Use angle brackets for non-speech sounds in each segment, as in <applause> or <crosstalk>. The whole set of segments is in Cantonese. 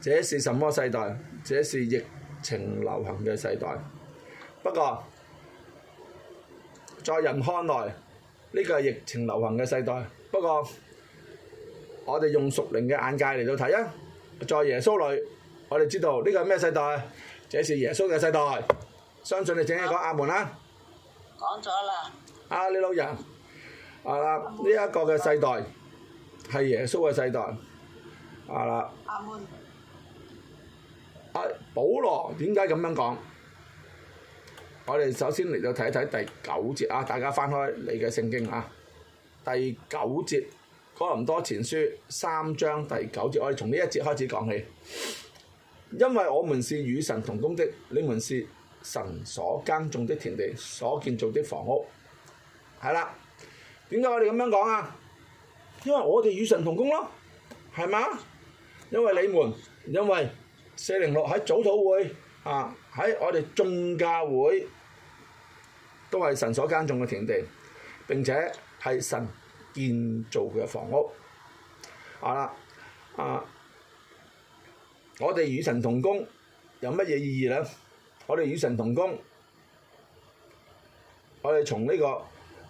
這是什麼世代？這是疫情流行嘅世代。不過，在人看來，呢個係疫情流行嘅世代。不過，我哋用屬靈嘅眼界嚟到睇啊，在耶穌裏，我哋知道呢個係咩世代？這是耶穌嘅世代。相信你，淨係講阿門啦。講咗啦。啊，你老人。啊啦，呢一個嘅世代係耶穌嘅世代。啊啦。阿門。啊，保羅點解咁樣講？我哋首先嚟到睇一睇第九節啊！大家翻開你嘅聖經啊，第九節《哥林多前書》三章第九節，我哋從呢一節開始講起。因為我們是與神同工的，你們是神所耕種的田地，所建造的房屋。係啦，點解我哋咁樣講啊？因為我哋與神同工咯，係嘛？因為你們，因為。四零六喺早土會啊，喺我哋眾教會都係神所耕種嘅田地，並且係神建造嘅房屋。啊，啊，我哋與神同工有乜嘢意義咧？我哋與神同工，我哋從呢個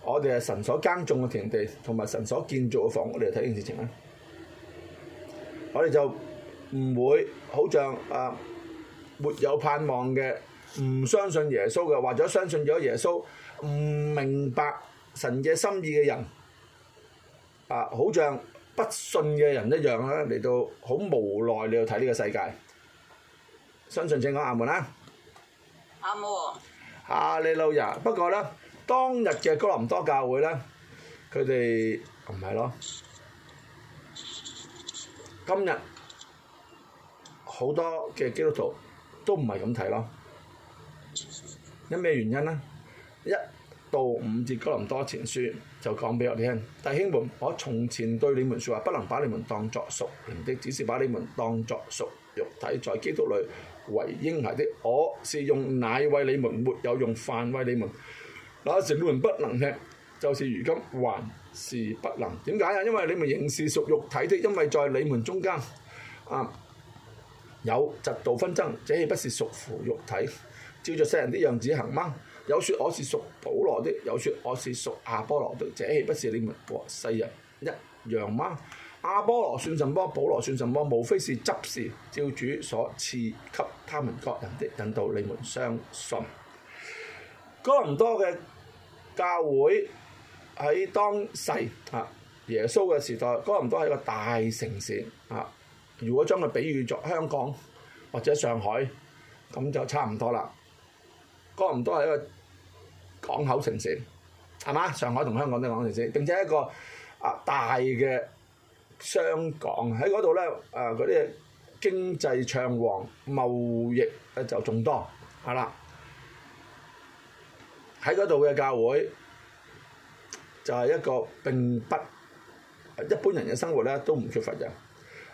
我哋係神所耕種嘅田地，同埋神所建造嘅房屋嚟睇件事情咧，我哋就。唔會好像啊沒有盼望嘅，唔相信耶穌嘅，或者相信咗耶穌唔明白神嘅心意嘅人，啊，好像不信嘅人一樣啦，嚟到好無奈你要睇呢個世界。相信請講阿門啦。阿門。啊，你老爺，不過咧，當日嘅哥林多教會咧，佢哋唔係咯，今日。好多嘅基督徒都唔係咁睇咯，因咩原因呢？一到五節哥林多前書就講俾我聽，弟兄們，我從前對你們説話，不能把你們當作屬靈的，只是把你們當作屬肉體在基督裏為嬰孩的。我是用奶餵你們，沒有用飯餵你們。那時你們不能吃，就是如今還是不能。點解啊？因為你們仍是屬肉體的，因為在你們中間，啊。有嫉妒紛爭，這豈不是屬乎肉體，照着世人啲樣子行嗎？有說我是屬保羅的，有說我是屬亞波羅的，這豈不是你們和世人一樣嗎？亞波羅算什麼？保羅算什麼？無非是執事，照主所賜給他們各人的，引導你們相信。哥林多嘅教會喺當世啊，耶穌嘅時代，哥林多係一個大城市啊。如果將佢比喻作香港或者上海，咁就差唔多啦。咁唔多係一個港口城市，係嘛？上海同香港都係港口城市，並且一個啊大嘅商港喺嗰度咧，誒嗰啲經濟暢旺、貿易就眾多，係啦。喺嗰度嘅教會就係一個並不一般人嘅生活咧，都唔缺乏人，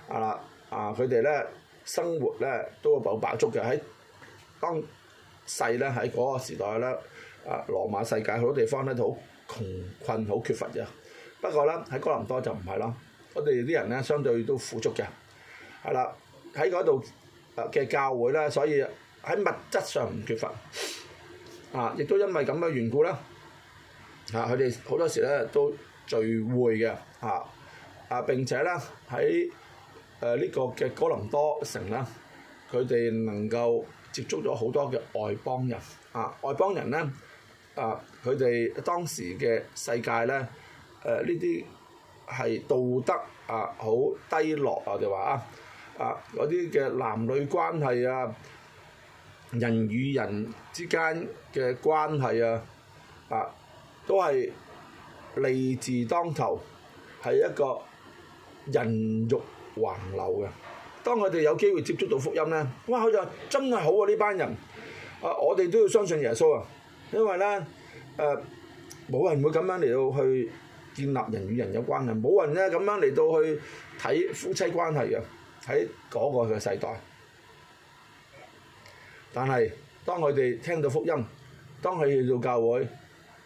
係啦。啊！佢哋咧生活咧都好飽足嘅，喺當世咧喺嗰個時代咧，啊羅馬世界好多地方咧都好窮困，好缺乏嘅。不過咧喺哥林多就唔係咯，我哋啲人咧相對都富足嘅。係啦，喺嗰度嘅教會咧，所以喺物質上唔缺乏。啊，亦都因為咁嘅緣故啦，啊佢哋好多時咧都聚會嘅，啊啊並且咧喺，在誒呢個嘅哥林多城啦，佢哋能夠接觸咗好多嘅外邦人啊！外邦人咧，啊佢哋當時嘅世界咧，誒呢啲係道德啊好低落啊！就話啊啊嗰啲嘅男女關係啊，人與人之間嘅關係啊，啊都係利字當頭，係一個人欲。橫流嘅，當佢哋有機會接觸到福音咧，哇！佢就真係好啊呢班人，啊！我哋都要相信耶穌啊，因為咧，誒，冇人會咁樣嚟到去建立人與人有關係，冇人咧咁樣嚟到去睇夫妻關係嘅，喺嗰個嘅世代。但係當佢哋聽到福音，當佢哋去到教會，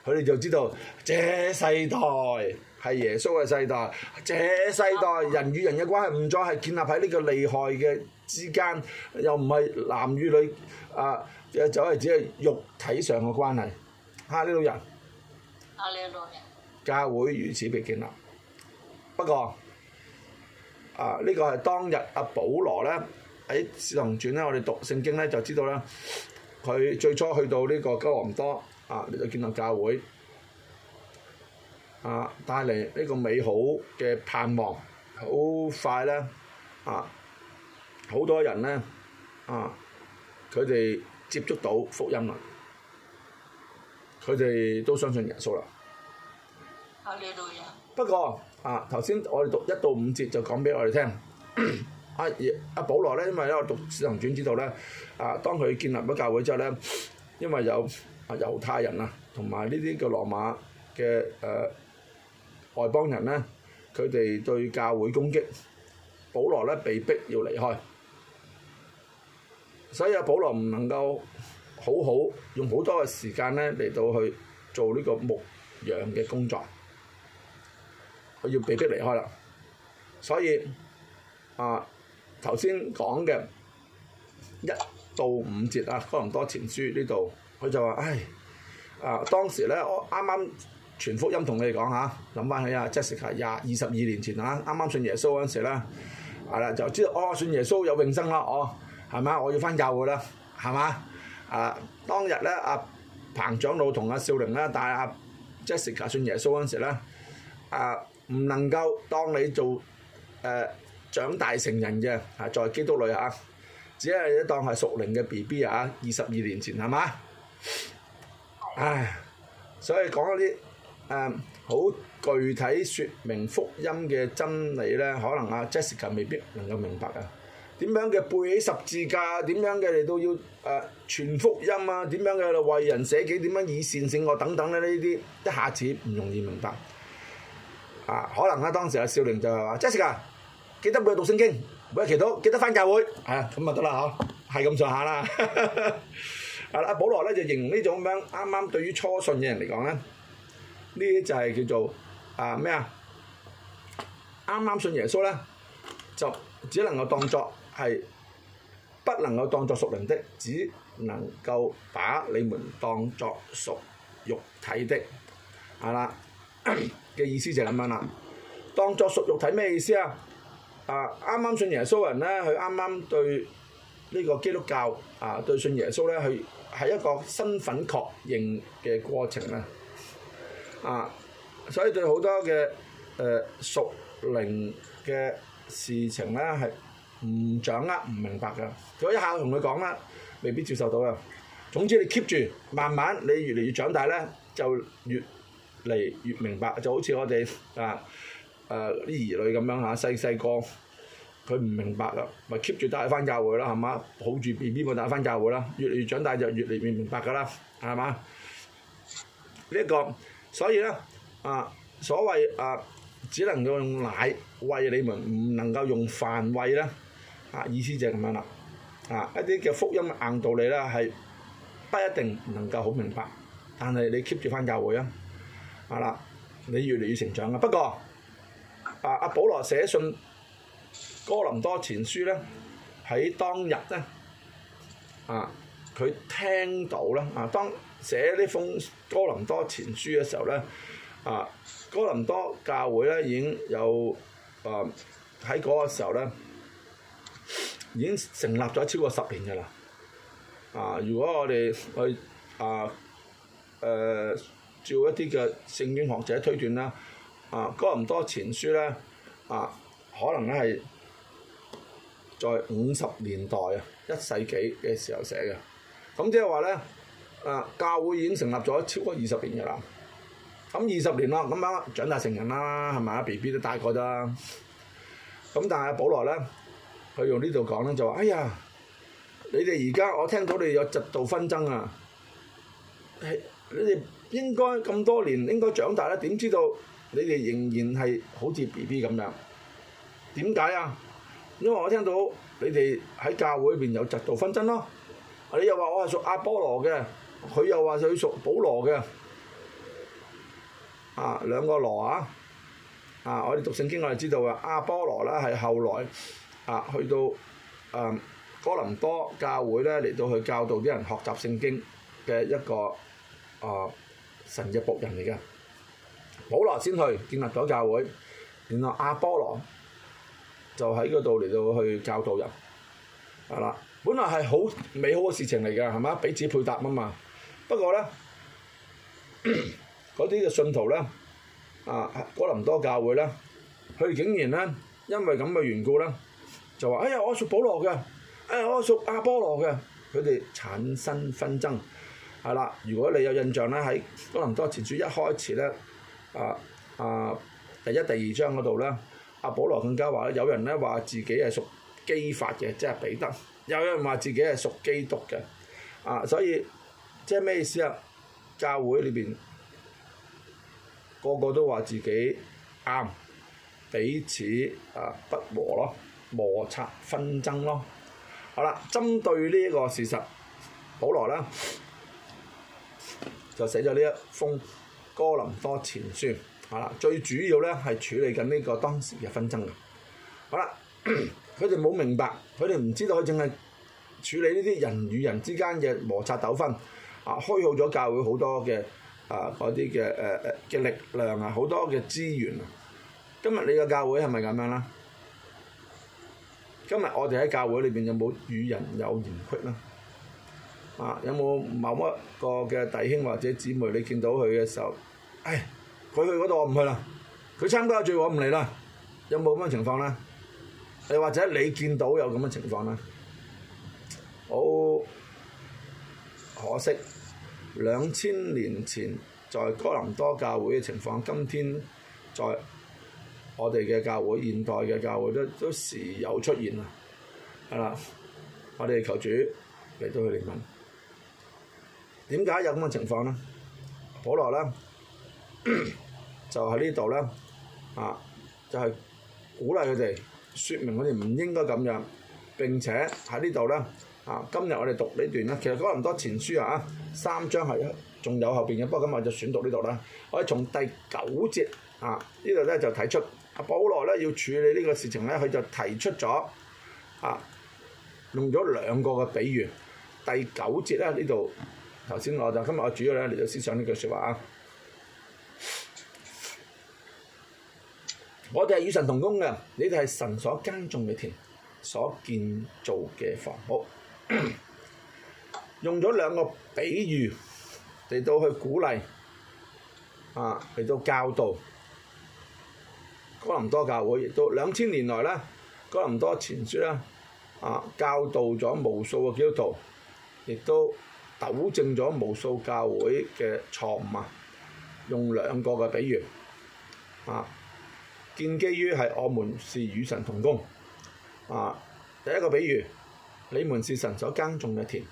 佢哋就知道，這世代。係耶穌嘅世代，這世代人與人嘅關係唔再係建立喺呢個利害嘅之間，又唔係男與女啊，又就係只係肉體上嘅關係。哈呢種人，教會如此被建立。不過，啊呢個係當日阿保羅咧喺使徒行傳咧，我哋讀聖經咧就知道啦，佢最初去到呢個哥林多啊，呢度建立教會。啊！帶嚟呢個美好嘅盼望，好快咧啊！好多人咧啊，佢哋接觸到福音啦，佢哋都相信耶穌啦。不過啊，頭先我哋讀一到五節就講俾我哋聽。阿阿 <coughs> 保羅咧，因為喺度讀使徒行傳知道咧，啊，當佢建立咗教會之後咧，因為有啊猶太人啊，同埋呢啲叫羅馬嘅誒。呃外邦人呢，佢哋對教會攻擊，保羅呢被逼要離開，所以啊，保羅唔能夠好好用好多嘅時間呢嚟到去做呢個牧養嘅工作，佢要被逼離開啦。所以啊，頭先講嘅一到五節啊，哥林多前書呢度，佢就話：「唉，啊當時呢，我啱啱。全福音同你哋講嚇，諗翻起啊，Jessica 廿二十二年前嚇，啱啱信耶穌嗰陣時咧，係啦就知道哦，信耶穌有永生啦哦，係嘛，我要翻教會啦，係嘛，啊，當日咧阿彭長老同阿少靈咧帶阿 Jessica 信耶穌嗰陣時咧，啊，唔能夠當你做誒、呃、長大成人嘅啊，在基督裏啊，只係當係屬靈嘅 B B 啊，二十二年前係嘛？唉，所以講一啲。誒好具體説明福音嘅真理咧，可能阿 Jessica 未必能夠明白啊。點樣嘅背起十字架，點樣嘅你都要誒傳福音啊，點樣嘅為人捨己，點樣以善勝惡等等咧，呢啲一下子唔容易明白。啊，可能咧當時阿少玲就係話 Jessica，記得每日讀聖經，每日祈禱，記得翻教會。係啊，咁啊得啦嗬，係咁上下啦。係啦，阿保羅咧就形容呢種咁樣啱啱對於初信嘅人嚟講咧。呢啲就係叫做啊咩啊，啱啱信耶穌咧，就只能夠當作係，不能夠當作屬靈的，只能夠把你們當作屬肉體的。係啦，嘅意思就係咁樣啦。當作屬肉體咩意思啊？啊啱啱信耶穌人咧，佢啱啱對呢個基督教啊，對信耶穌咧，佢係一個身份確認嘅過程咧。啊，所以對好多嘅誒屬靈嘅事情咧係唔掌握唔明白嘅，如果一下同佢講啦，未必接受到嘅。總之你 keep 住，慢慢你越嚟越長大咧，就越嚟越明白。就好似我哋啊誒啲兒女咁樣嚇，細細個佢唔明白啦，咪 keep 住帶翻教會啦，係嘛？抱住 B B 咪帶翻教會啦，越嚟越長大就越嚟越明白㗎啦，係嘛？呢一個。所以咧，啊，所謂啊，只能夠用奶餵你，你們，唔能夠用飯餵啦，啊，意思就係咁樣啦，啊，一啲嘅福音硬道理咧，係不一定能夠好明白，但係你 keep 住翻教會啊，係啦，你越嚟越成長啊。不過，啊，阿、啊、保羅寫信哥林多前書咧，喺當日咧，啊，佢聽到咧，啊，當。寫呢封哥林多前書嘅時候咧，啊，哥林多教會咧已經有啊，喺嗰個時候咧已經成立咗超過十年㗎喇。啊，如果我哋去啊，誒、啊、照一啲嘅聖經學者推斷啦，啊，哥林多前書咧啊，可能咧係在五十年代啊一世紀嘅時候寫嘅，咁即係話咧。誒，教會已經成立咗超過二十年嘅啦。咁二十年啦，咁啊長大成人啦，係咪啊？B B 都大個咗。咁但係阿保羅咧，佢用呢度講咧，就話：哎呀，你哋而家我聽到你有嫉妒分爭啊！你哋應該咁多年應該長大啦，點知道你哋仍然係好似 B B 咁樣？點解啊？因為我聽到你哋喺教會邊有嫉妒分爭咯。你又話我係屬阿波羅嘅。佢又話：佢屬保羅嘅，啊兩個羅啊，啊我哋讀聖經我哋知道啊，阿波羅呢係後來啊去到、嗯、哥林多教會咧嚟到去教導啲人學習聖經嘅一個、呃、神嘅僕人嚟㗎。保羅先去建立咗教會，然後阿波羅就喺嗰度嚟到去教導人，係啦、啊，本來係好美好嘅事情嚟嘅，係嘛，彼此配搭啊嘛。不過咧，嗰啲嘅信徒咧，啊哥林多教會咧，佢竟然咧，因為咁嘅緣故咧，就話：哎呀，我屬保羅嘅，哎呀，我屬阿波羅嘅，佢哋產生紛爭。係啦，如果你有印象咧，喺哥林多前書一開始咧，啊啊第一、第二章嗰度咧，阿保羅更加話咧，有人咧話自己係屬基法嘅，即係彼得；有人話自己係屬基督嘅。啊，所以。即係咩意思啊？教會裏邊個個都話自己啱，彼此啊不和咯，摩擦紛爭咯。好啦，針對呢個事實，保羅啦就寫咗呢一封哥林多前書。好啦，最主要咧係處理緊呢個當時嘅紛爭。好啦，佢哋冇明白，佢哋唔知道佢淨係處理呢啲人與人之間嘅摩擦糾紛。開好咗教會好多嘅啊啲嘅誒誒嘅力量啊，好多嘅資源啊！今日你嘅教會係咪咁樣啦？今日我哋喺教會裏邊有冇與人有言隙咧？啊，有冇某一個嘅弟兄或者姊妹，你見到佢嘅時候，唉、哎，佢去嗰度我唔去啦，佢參加聚我唔嚟啦，有冇咁樣情況咧？亦或者你見到有咁嘅情況咧？好可惜。兩千年前在哥林多教會嘅情況，今天在我哋嘅教會、現代嘅教會都都時有出現啊！係啦，我哋求主嚟到佢憐憫，點解有咁嘅情況呢？保羅呢就喺呢度呢，啊，就係鼓勵佢哋，説明佢哋唔應該咁樣，並且喺呢度呢。啊！今日我哋讀呢段啦，其實哥林多前書啊，三章係仲有後邊嘅，不過今日就選讀呢度啦。我哋從第九節啊，呢度咧就提出阿、啊、保羅咧要處理呢個事情咧，佢就提出咗啊，用咗兩個嘅比喻。第九節咧呢度，頭先我就今日我主要咧嚟到思想呢句説話啊，我哋係與神同工嘅，你哋係神所耕種嘅田，所建造嘅房屋。 <coughs> 用咗兩個比喻嚟到去鼓勵啊，嚟到教導哥林多教會，亦都兩千年來呢哥林多前書咧啊，教導咗無數嘅基督徒，亦都糾正咗無數教會嘅錯誤啊。用兩個嘅比喻啊，建基於係我們是與神同工啊。第一個比喻。你們是神所耕種嘅田。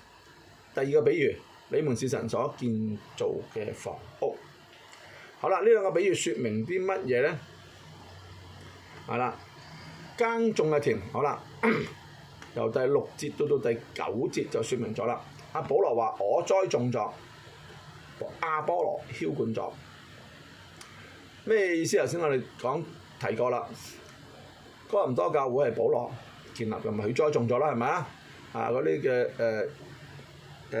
第二個比喻，你們是神所建造嘅房屋好了。好啦，呢兩個比喻説明啲乜嘢呢？係啦，耕種嘅田，好啦，由第六節到到第九節就説明咗啦。阿保羅話：我栽種咗，亞波羅澆灌咗。咩意思？頭先我哋講提過啦。哥林多教會係保羅建立，咁咪佢栽種咗啦，係咪啊？啊！嗰啲嘅誒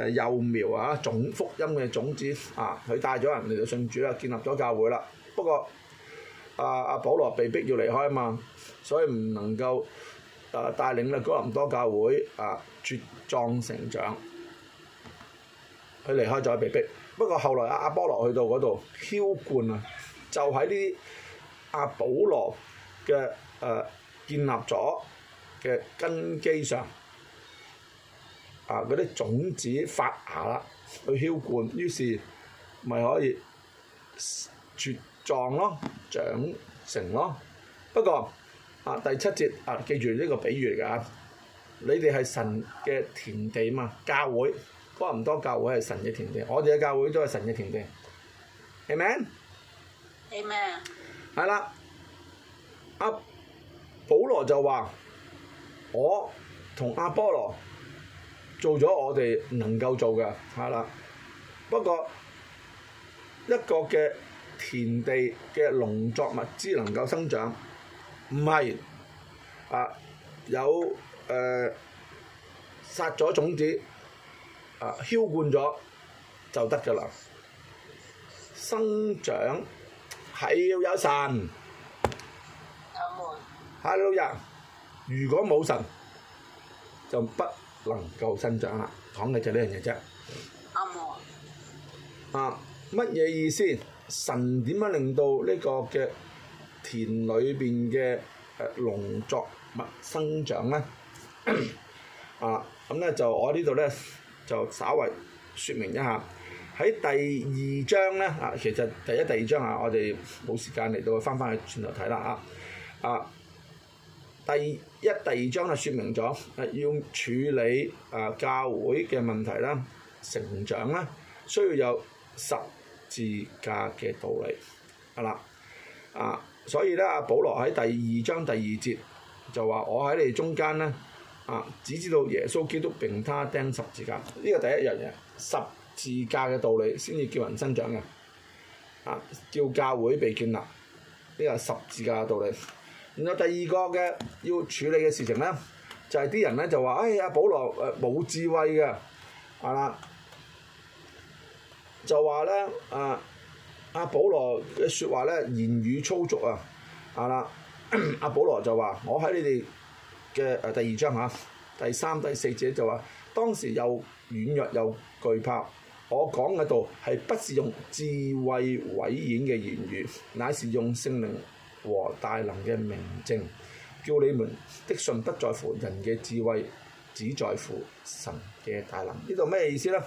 誒幼苗啊，種福音嘅種子啊，佢帶咗人嚟到信主啦，建立咗教會啦。不過阿阿、啊啊、保羅被逼要離開啊嘛，所以唔能夠誒帶領啦哥林多教會啊茁壯成長。佢離開咗被逼，不過後來阿、啊啊、波羅去到嗰度澆灌啊，就喺呢啲阿保羅嘅誒建立咗嘅根基上。啊！嗰啲種子發芽啦，去澆灌，於是咪可以茁壯咯，長成咯。不過啊，第七節啊，記住呢個比喻嚟㗎，你哋係神嘅田地嘛，教會幫唔多教會係神嘅田地，我哋嘅教會都係神嘅田地，明唔明？明咩啊？係啦，阿保羅就話：我同阿波羅。做咗我哋能夠做嘅，係啦。不過一個嘅田地嘅農作物之能夠生長，唔係啊有誒、呃、撒咗種子啊澆灌咗就得嘅啦。生長係要有神。阿門。哈利路亞，如果冇神就不。能夠生長啦，講嘅就呢樣嘢啫。阿啊，乜嘢意思？神點樣令到呢個嘅田裏邊嘅誒農作物生長咧？ <coughs> 啊咁咧就我呢度咧就稍為説明一下。喺第二章咧啊，其實第一、第二章啊，我哋冇時間嚟到翻翻去轉頭睇啦啊啊！第一、第二章就説明咗，要處理誒教會嘅問題啦、成長啦，需要有十字架嘅道理，係啦，啊，所以咧，阿保羅喺第二章第二節就話：我喺你哋中間咧，啊，只知道耶穌基督並他釘十字架，呢個第一日嘅十字架嘅道理，先至叫人生長嘅，啊，叫教會被建立，呢個十字架嘅道理。然後第二個嘅要處理嘅事情咧，就係、是、啲人咧就話：哎呀，保羅誒冇智慧嘅，係啦，就話咧，啊，阿、啊、保羅嘅説話咧言語粗俗啊，係、啊、啦，阿保羅就話：我喺你哋嘅誒第二章嚇、啊，第三、第四節就話，當時又軟弱又懼怕，我講嘅道係不是用智慧委婉嘅言語，乃是用聖靈。和大能嘅明證，叫你們的信不在乎人嘅智慧，只在乎神嘅大能。呢度咩意思咧？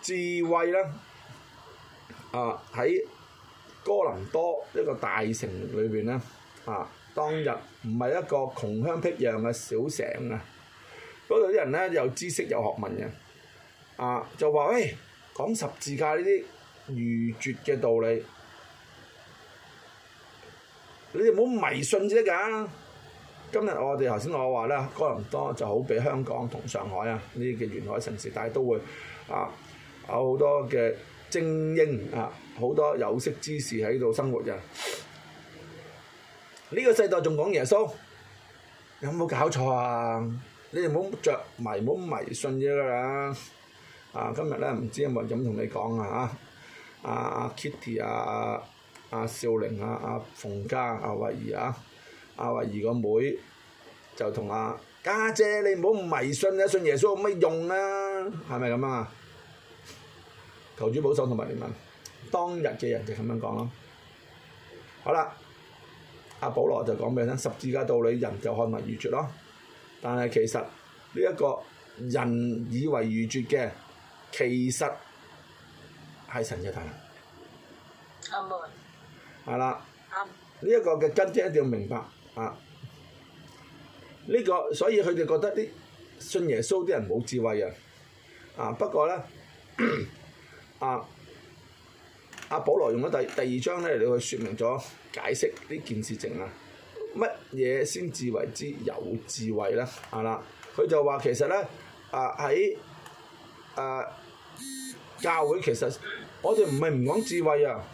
智慧咧，啊喺哥林多一個大城裏邊咧，啊當日唔係一個窮鄉僻壤嘅小城啊，嗰度啲人咧有知識有學問嘅，啊就話喂講十字架呢啲愚絕嘅道理。你哋唔好迷信先得㗎！今日我哋頭先我話咧，哥林多就好比香港同上海啊，呢啲嘅沿海城市，大都會啊有好多嘅精英啊，好多有識之士喺度生活嘅。呢、呢個世代仲講耶穌，有冇搞錯啊？你哋唔好着迷，唔好迷信啫㗎、啊！啊，今日咧唔知有冇人敢同你講啊？啊，啊，Kitty 啊！阿少玲、啊、阿阿馮家、阿慧兒啊，阿慧兒個妹就同阿家姐，你唔好迷信、啊，一信耶穌有乜用啊？係咪咁啊？求主保守同埋憐憫當日嘅人，就咁樣講咯。好啦，阿、啊、保羅就講畀你聽，十字架道理，人就看物如絕咯。但係其實呢一、這個人以為愚拙嘅，其實係神嘅大能。阿門。係啦，呢、這、一個嘅根基一定要明白啊！呢、這個所以佢哋覺得啲信耶穌啲人冇智慧啊！啊不過咧，啊阿、啊、保羅用咗第第二章咧嚟去説明咗解釋呢件事證啊，乜嘢先至為之有智慧咧？啊啦，佢就話其實咧啊喺誒教會其實我哋唔係唔講智慧啊！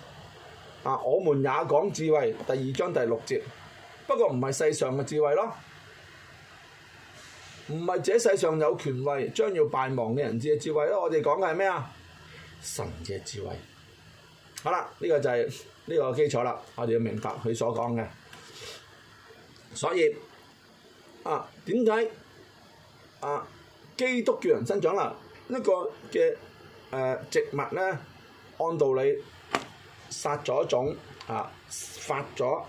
啊，我們也講智慧，第二章第六節，不過唔係世上嘅智慧咯，唔係這世上有權位將要敗亡嘅人嘅智慧咯，我哋講嘅係咩啊？神嘅智慧。好啦，呢、這個就係呢個基礎啦，我哋要明白佢所講嘅。所以，啊點解啊基督叫人生長啦？呢、這個嘅誒、呃、植物咧，按道理。撒咗一種啊，發咗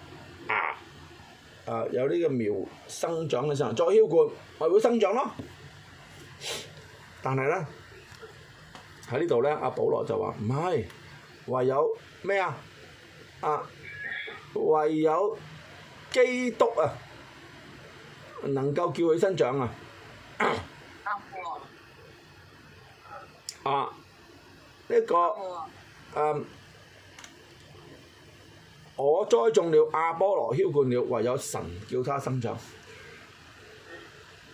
芽，誒有呢個苗生長嘅時候，再澆灌，咪會生長咯。但係咧喺呢度咧，阿保羅就話唔係，唯有咩啊啊，唯有基督啊，能夠叫佢生長啊。阿呢個誒？我栽種了阿波羅，澆灌了，唯有神叫他生長。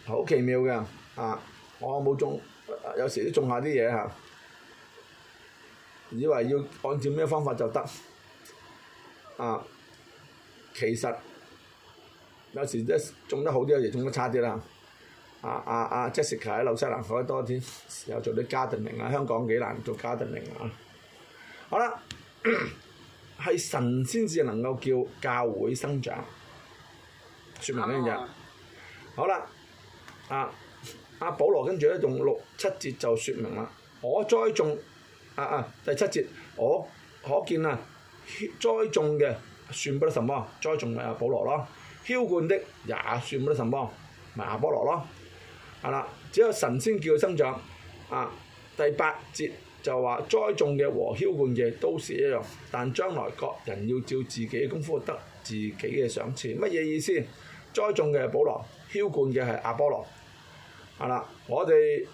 好奇妙嘅啊！我冇種，有時都種下啲嘢吓，以為要按照咩方法就得啊？其實有時一種得好啲，有時種得差啲啦。啊啊啊！Jessica 喺紐西蘭開多啲，有做啲 gardening 啊，香港幾難做 gardening 啊。好啦。係神先至能夠叫教會生長，説明呢樣嘢。好啦，啊啊保羅跟住咧，用六七節就説明啦。我栽種，啊啊第七節，我可見啊，栽種嘅算不得什麼，栽種咪阿、啊、保羅咯。澆灌的也算不得什麼，咪、就是、阿波羅咯。係、啊、啦，只有神先叫佢生長。啊，第八節。就話栽種嘅和澆灌嘅都是一樣，但將來各人要照自己嘅功夫得自己嘅賞賜。乜嘢意思？栽種嘅係保羅，澆灌嘅係阿波羅。係啦，我哋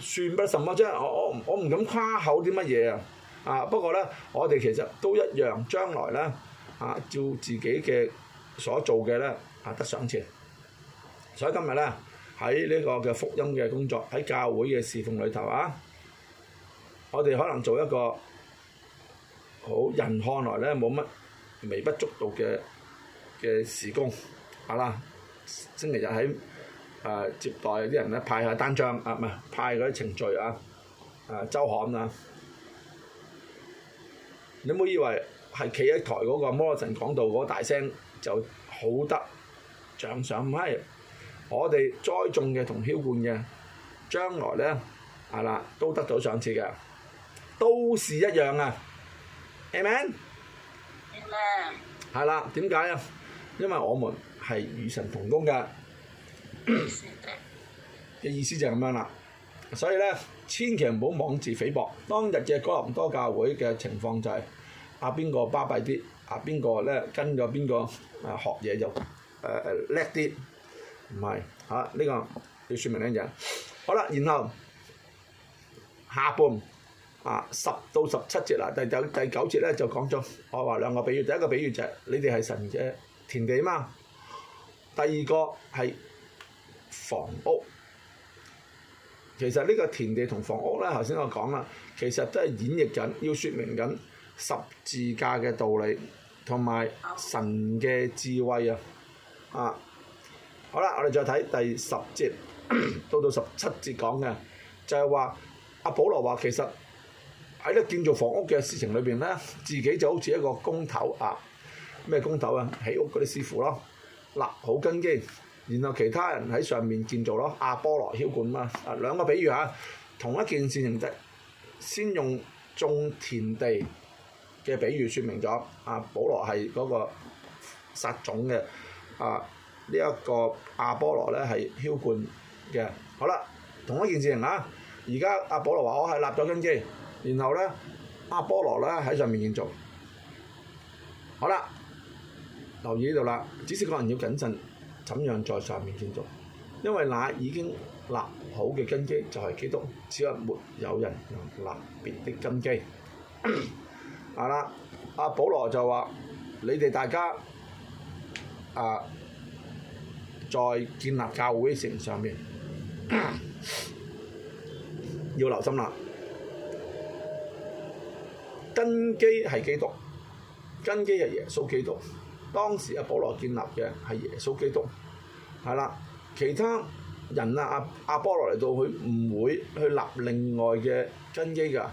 算不什麼啫。我我我唔敢誇口啲乜嘢啊。啊，不過咧，我哋其實都一樣，將來咧啊照自己嘅所做嘅咧啊得賞賜。所以今日咧喺呢個嘅福音嘅工作喺教會嘅侍奉裏頭啊。我哋可能做一個好人，看來咧冇乜微不足道嘅嘅時工，係啦，星期日喺誒接待啲人咧、啊，派下單張啊唔係派嗰啲程序啊，誒、啊、週刊啊，你唔好以為係企喺台嗰個摩頓講道嗰大聲就好得獎賞？唔係，我哋栽種嘅同澆灌嘅，將來咧係啦都得到賞賜嘅。都是一樣啊，Amen，點啊？係啦，點解啊？因為我們係與神同工嘅，嘅意思就係咁樣啦。所以咧，千祈唔好妄自菲薄。當日嘅哥林多教會嘅情況就係阿邊個巴閉啲，阿邊個咧跟咗邊個誒學嘢就誒叻啲，唔係嚇，呢個要説明一樣。好啦，然後下半。啊！十到十七節啦，第九第九節咧就講咗，我話兩個比喻，第一個比喻就係、是、你哋係神嘅田地嘛，第二個係房屋。其實呢個田地同房屋咧，頭先我講啦，其實都係演繹緊，要説明緊十字架嘅道理同埋神嘅智慧啊！啊，好啦，我哋再睇第十節咳咳到到十七節講嘅就係、是、話阿保羅話其實。喺咧建造房屋嘅事情裏邊咧，自己就好似一個工頭啊，咩工頭啊，起屋嗰啲師傅咯，立好根基，然後其他人喺上面建造咯。亞波羅澆灌嘛，啊兩、啊、個比喻嚇，同一件事情先用種田地嘅比喻説明咗。阿保羅係嗰個撒種嘅，啊呢一個亞、啊這個啊、波羅咧係澆灌嘅。好、啊、啦，同一件事情嚇，而家阿保羅話我係立咗根基。然後呢，阿波羅咧喺上面建造，好啦，留意呢度啦。只是個人要謹慎，怎樣在上面建造？因為那已經立好嘅根基就係基督，只係沒有人能立別的根基。係啦，阿波羅就話：你哋大家啊，在建立教會嘅事上面 <coughs> 要留心啦。根基係基督，根基係耶穌基督。當時阿保羅建立嘅係耶穌基督，係啦。其他人啊，阿阿保羅嚟到佢唔會去立另外嘅根基㗎，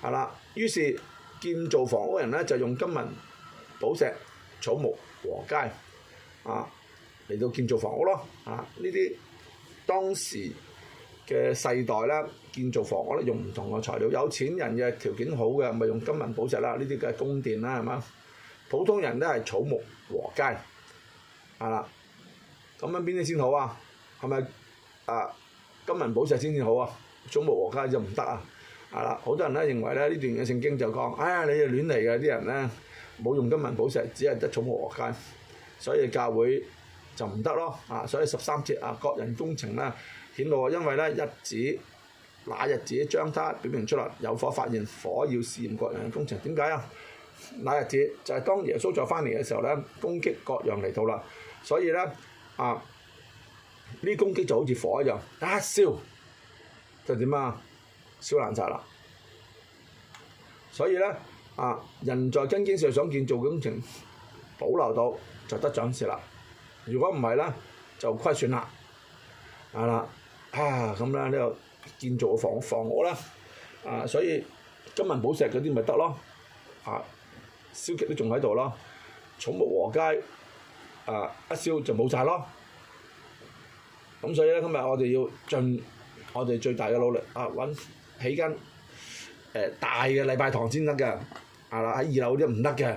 係啦。於是建造房屋人咧就用金銀、寶石、草木禾稭啊嚟到建造房屋咯。啊，呢啲當時嘅世代啦，建造房屋咧用唔同嘅材料。有錢人嘅條件好嘅，咪用金銀寶石啦，呢啲嘅宮殿啦，係嘛？普通人咧係草木禾稭，係啦。咁樣邊啲先好啊？係咪啊？金銀寶石先至好啊？草木禾稭就唔得啊！係啦，好多人咧認為咧呢段嘅聖經就講，哎呀，你哋亂嚟嘅啲人咧，冇用金銀寶石，只係得草木禾稭，所以教會就唔得咯啊！所以十三節啊，各人工程啦。因為咧，日子那日子將它表明出嚟，有火發現，火要試驗各樣工程。點解啊？那日子就係、是、當耶穌再翻嚟嘅時候咧，攻擊各樣嚟到啦。所以咧，啊，呢攻擊就好似火一樣，一燒就點啊，燒爛晒啦。所以咧，啊，人在根基上想建造工程，保留到就得賞賜啦。如果唔係咧，就虧損啦。係、啊、啦。啊，咁啦，呢個建造嘅房房屋啦，啊，所以金銀寶石嗰啲咪得咯，啊，燒極都仲喺度咯，草木禾秸啊，一燒就冇晒咯，咁、啊、所以咧今日我哋要盡我哋最大嘅努力，啊，揾起間誒、呃、大嘅禮拜堂先得嘅，係啦，喺二樓啲唔得嘅，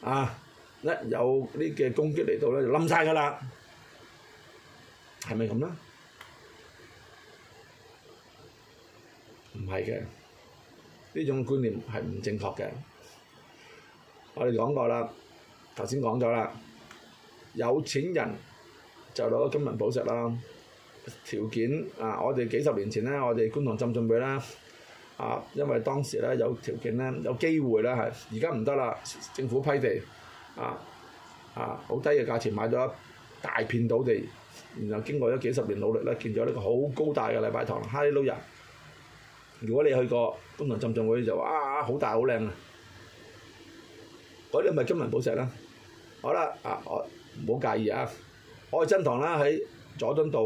啊，一、啊、有呢嘅攻擊嚟到咧就冧晒㗎啦，係咪咁啦？唔係嘅，呢種觀念係唔正確嘅。我哋講過啦，頭先講咗啦，有錢人就攞金銀寶石啦。條件啊，我哋幾十年前咧，我哋觀塘浸信會啦，啊，因為當時咧有條件咧有機會咧嚇，而家唔得啦，政府批地，啊啊，好低嘅價錢買咗大片土地，然後經過咗幾十年努力咧，建咗呢個好高大嘅禮拜堂，嗨佬人。如果你去過觀塘浸浸會就話啊好大好靚啊，嗰啲咪金銀寶石啦，好啦啊，我唔好介意啊，愛珍堂啦，喺佐敦道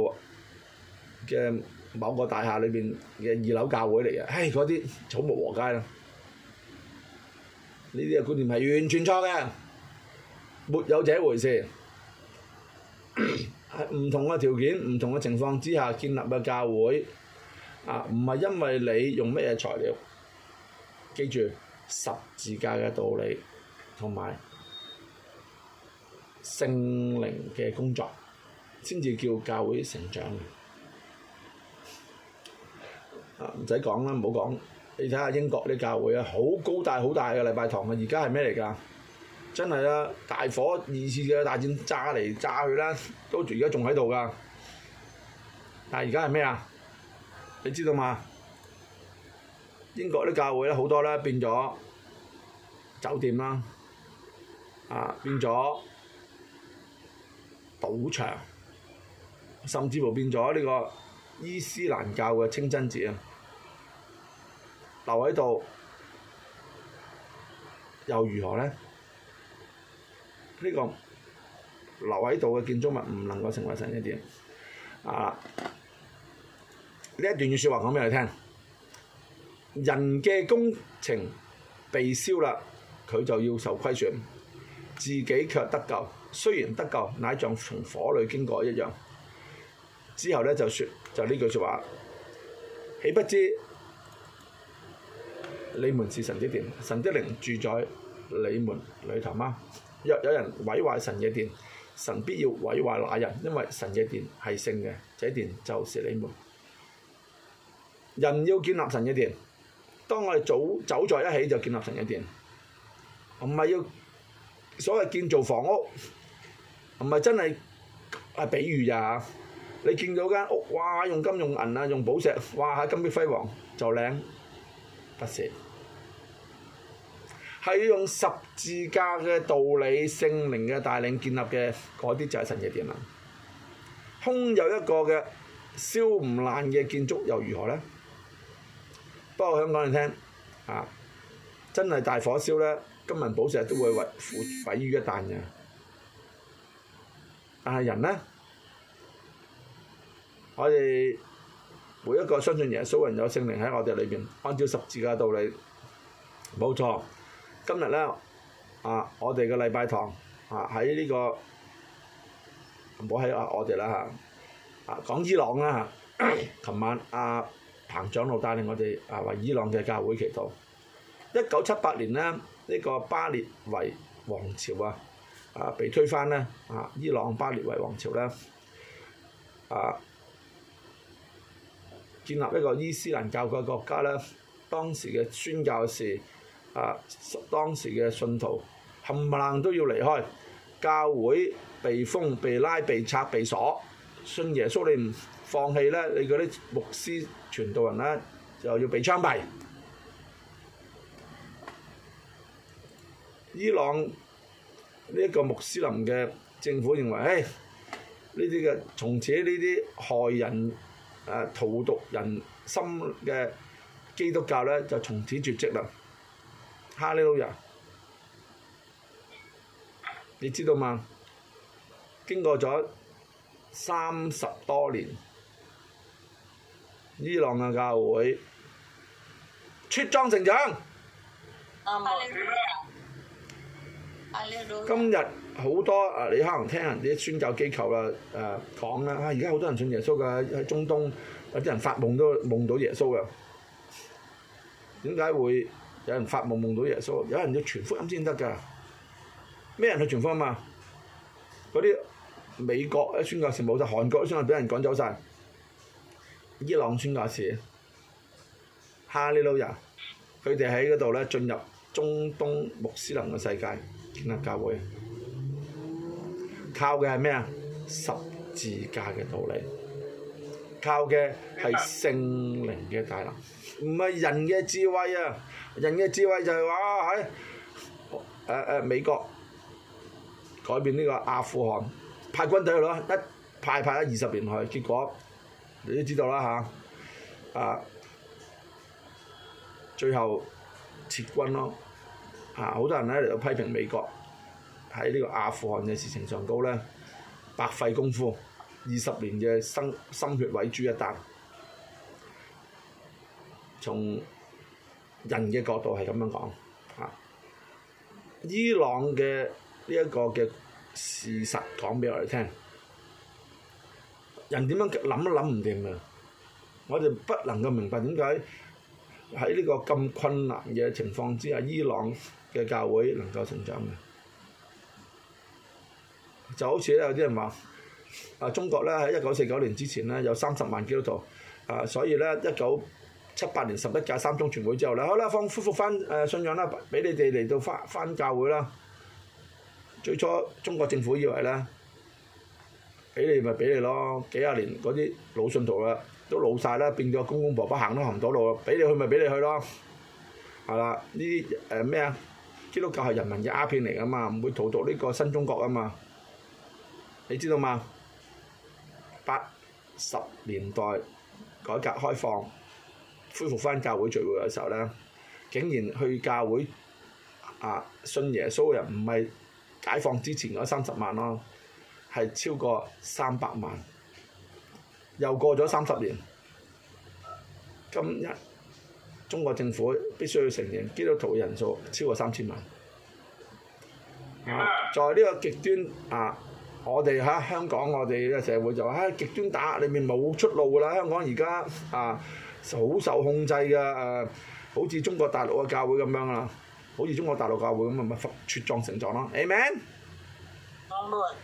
嘅某個大廈裏邊嘅二樓教會嚟嘅，唉，嗰啲草木禾稭啦，呢啲嘅觀念係完全錯嘅，沒有這回事，喺唔同嘅條件、唔同嘅情況之下建立嘅教會。啊！唔係因為你用咩嘢材料，記住十字架嘅道理同埋聖靈嘅工作，先至叫教會成長。唔使講啦，唔好講。你睇下英國啲教會啊，好高大好大嘅禮拜堂啊，而家係咩嚟㗎？真係啦，大火二次嘅大戰炸嚟炸去啦，都而家仲喺度㗎。但係而家係咩啊？你知道嘛？英國啲教會咧好多咧，變咗酒店啦，啊變咗賭場，甚至乎變咗呢個伊斯蘭教嘅清真寺啊，留喺度又如何呢？呢個留喺度嘅建築物唔能夠成為神嘅殿，啊！呢一段語説話講俾你聽，人嘅工程被燒啦，佢就要受虧損，自己卻得救。雖然得救，乃像從火裏經過一樣。之後咧就説就呢句説話，豈不知你們是神之殿，神之靈住在你們裏頭嗎？若有人毀壞神嘅殿，神必要毀壞那人，因為神嘅殿係聖嘅，這殿就是你們。人要建立神嘅殿，當我哋早走在一起就建立神嘅殿，唔係要所謂建造房屋，唔係真係啊，比喻咋嚇？你見到間屋，哇，用金用銀啊，用寶石，哇，金碧輝煌就靚，不是？係要用十字架嘅道理、聖靈嘅帶領建立嘅嗰啲就係神嘅殿啦。空有一個嘅燒唔爛嘅建築又如何呢？不過香港人聽，啊，真係大火燒咧，金銀寶石都會毀於一旦嘅。但係人咧，我哋每一個相信耶穌、人有聖靈喺我哋裏邊，按照十字架道理，冇錯。今日咧，啊，我哋嘅禮拜堂啊喺呢、這個，唔好、啊、喺我我哋啦嚇，啊講伊朗啦嚇，琴晚啊。行長老帶領我哋啊為伊朗嘅教會祈禱。一九七八年咧，呢個巴列維王朝啊啊被推翻咧啊，伊朗巴列維王朝咧啊建立一個伊斯蘭教嘅國家咧。當時嘅宣教士啊，當時嘅信徒冚唪唥都要離開，教會被封、被拉、被拆、被鎖。信耶穌你唔放棄咧，你嗰啲牧師傳道人咧就要被槍斃。伊朗呢一個穆斯林嘅政府認為，嘿，呢啲嘅從此呢啲害人啊荼毒人心嘅基督教咧，就從此絕跡啦。哈利路亞，你知道嗎？經過咗三十多年。伊朗嘅教會茁壯成長今。今日好多你可能聽人啲宣教機構啦、啊啊，講啦、啊，而家好多人信耶穌噶，喺中東，有啲人發夢都夢到耶穌嘅。點解會有人發夢夢到耶穌？有人要傳福音先得㗎。咩人去傳福音啊？嗰啲美國啲宣教士冇曬，韓國宣教俾人趕走晒。伊朗宣教士，哈利路人，佢哋喺嗰度咧，進入中東穆斯林嘅世界，建立教會，靠嘅係咩啊？十字架嘅道理，靠嘅係聖靈嘅大能，唔係人嘅智慧啊！人嘅智慧就係話喺誒誒美國改變呢個阿富汗，派軍隊去咯，一派派咗二十年去，結果。你都知道啦嚇，啊，最後撤軍咯，啊，好多人呢嚟到批評美國喺呢個阿富汗嘅事情上高呢，白費功夫，二十年嘅心血毀於一旦，從人嘅角度係咁樣講，啊，伊朗嘅呢一個嘅事實講俾我哋聽。人點樣諗都諗唔掂啊！我哋不能夠明白點解喺呢個咁困難嘅情況之下，伊朗嘅教會能夠成長嘅，就好似咧有啲人話啊，中國咧喺一九四九年之前咧有三十萬基督徒啊，所以咧一九七八年十一屆三中全會之後咧，好啦，放恢復翻誒信仰啦，俾你哋嚟到翻翻教會啦。最初中國政府以為咧。俾你咪俾你咯，幾十年嗰啲老信徒啦，都老曬啦，變咗公公婆婆行都行唔到路啦，俾你去咪俾你去咯，係啦，呢啲誒咩啊？基督教係人民嘅鴉片嚟噶嘛，唔會荼毒呢個新中國啊嘛，你知道嘛？八十年代改革開放，恢復翻教會聚會嘅時候咧，竟然去教會啊信耶穌嘅人唔係解放之前嗰三十萬咯。係超過三百萬，又過咗三十年，今日中國政府必須要承認基督徒嘅人數超過三千萬個。啊，在呢個極端啊，我哋喺香港，我哋呢個社會就喺極端打壓裏面冇出路噶啦。香港而家啊，好受控制嘅誒，好似中國大陸嘅教會咁樣啦，好似中國大陸教會咁，咪咪決撞成狀咯。Amen, Amen。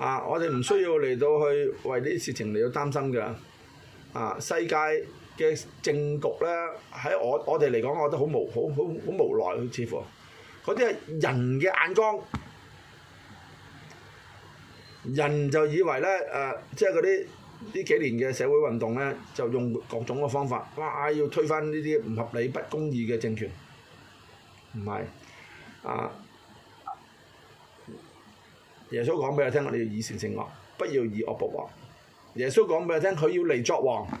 啊！我哋唔需要嚟到去為呢啲事情嚟到擔心㗎。啊！世界嘅政局咧，喺我我哋嚟講，我覺得好無好好好無奈，好似乎。嗰啲係人嘅眼光，人就以為咧誒，即係嗰啲呢幾年嘅社會運動咧，就用各種嘅方法，哇！要推翻呢啲唔合理、不公義嘅政權，唔係啊。耶穌講俾我聽，我哋要以善勝惡，不要以惡報惡。耶穌講俾我聽，佢要嚟作王，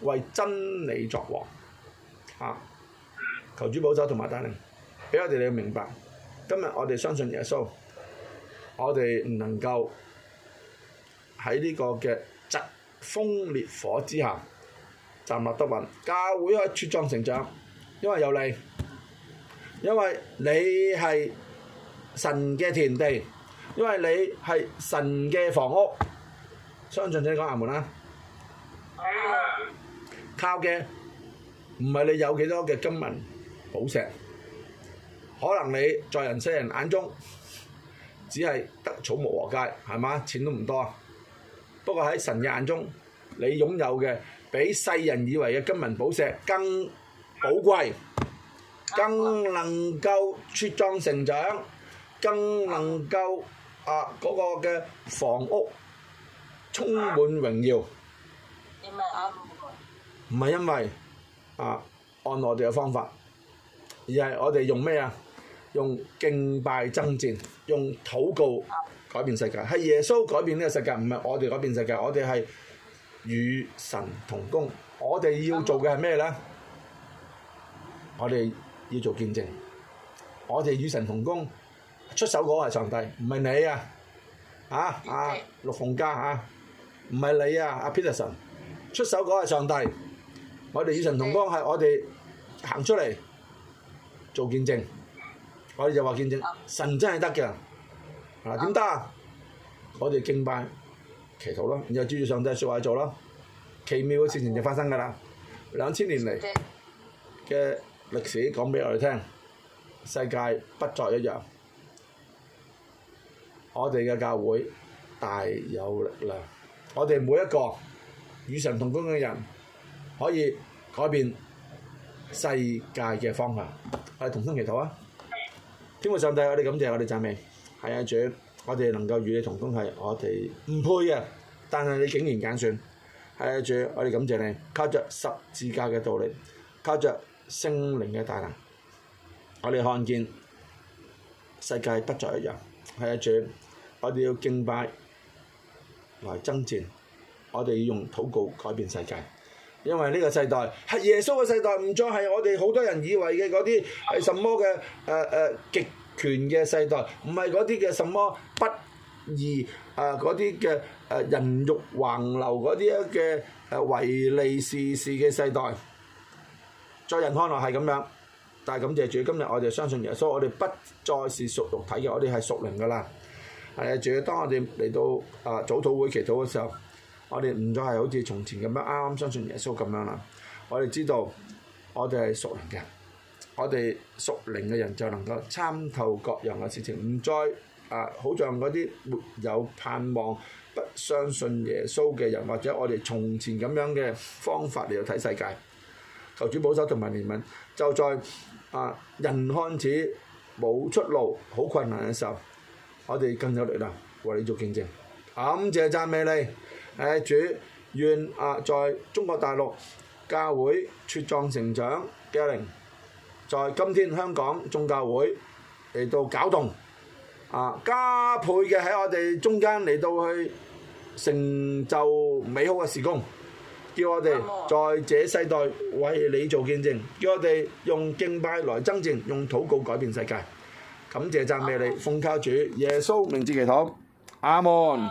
為真理作王。嚇、啊！求主保佑同埋帶領，畀我哋你要明白。今日我哋相信耶穌，我哋唔能夠喺呢個嘅疾風烈火之下站立得穩。教會可以茁壯成長，因為有你，因為你係神嘅田地。因為你係神嘅房屋，相信你講阿們啦。係啊！靠嘅唔係你有幾多嘅金銀寶石，可能你在人世人眼中只係得草木禾稭，係嘛？錢都唔多。不過喺神嘅眼中，你擁有嘅比世人以為嘅金銀寶石更寶貴，更能夠茁壯成長，更能夠。啊！嗰個嘅房屋充滿榮耀，唔係啊，唔係因為啊，按我哋嘅方法，而係我哋用咩啊？用敬拜爭戰，用禱告改變世界。係耶穌改變呢個世界，唔係我哋改變世界。我哋係與神同工。我哋要做嘅係咩咧？我哋要做見證。我哋與神同工。出手嗰個係上帝，唔係你啊！嚇啊，陸鳳嘉嚇，唔係你啊，阿 Peterson。出手嗰個係上帝，我哋以神同光係我哋行出嚟做見證，我哋就話見證神真係得嘅，嚇點得？我哋敬拜、祈禱咯，然後照住上帝嘅説話做咯，奇妙嘅事情就發生㗎啦！兩千年嚟嘅歷史講俾我哋聽，世界不再一樣。我哋嘅教會大有力量，我哋每一個與神同工嘅人可以改變世界嘅方向。我哋同心祈禱啊！天父上帝，我哋感謝，我哋讚美。係啊，主，我哋能夠與你同工係我哋唔配啊，但係你竟然揀選，係啊，主，我哋感謝你，靠着十字架嘅道理，靠着聖靈嘅大能，我哋看見世界不再一樣。係啊，主，我哋要敬拜，來爭戰，我哋要用禱告改變世界。因為呢個世代係耶穌嘅世代，唔再係我哋好多人以為嘅嗰啲係什麼嘅誒誒極權嘅世代，唔係嗰啲嘅什麼不義啊嗰啲嘅誒人欲橫流嗰啲啊嘅誒唯利是視嘅世代，在人看來係咁樣。但係感謝主，今日我哋相信耶穌，我哋不再是屬肉體嘅，我哋係屬靈噶啦。係啊，仲要當我哋嚟到啊早禱會祈禱嘅時候，我哋唔再係好似從前咁樣啱啱相信耶穌咁樣啦。我哋知道我哋係屬靈嘅，我哋屬靈嘅人就能夠參透各樣嘅事情，唔再啊，好像嗰啲沒有盼望、不相信耶穌嘅人或者我哋從前咁樣嘅方法嚟到睇世界。求主保守同埋憐憫，就在。啊！人看似冇出路、好困難嘅時候，我哋更有力量為你做見證。感謝讚美你，誒主願啊，在中國大陸教會茁壯成長嘅靈，在今天香港宗教會嚟到搞動，啊加倍嘅喺我哋中間嚟到去成就美好嘅時光。叫我哋在這世代為你做見證，叫我哋用敬拜來增證，用禱告改變世界。感謝讚美你，奉靠主耶穌名字祈禱，阿門。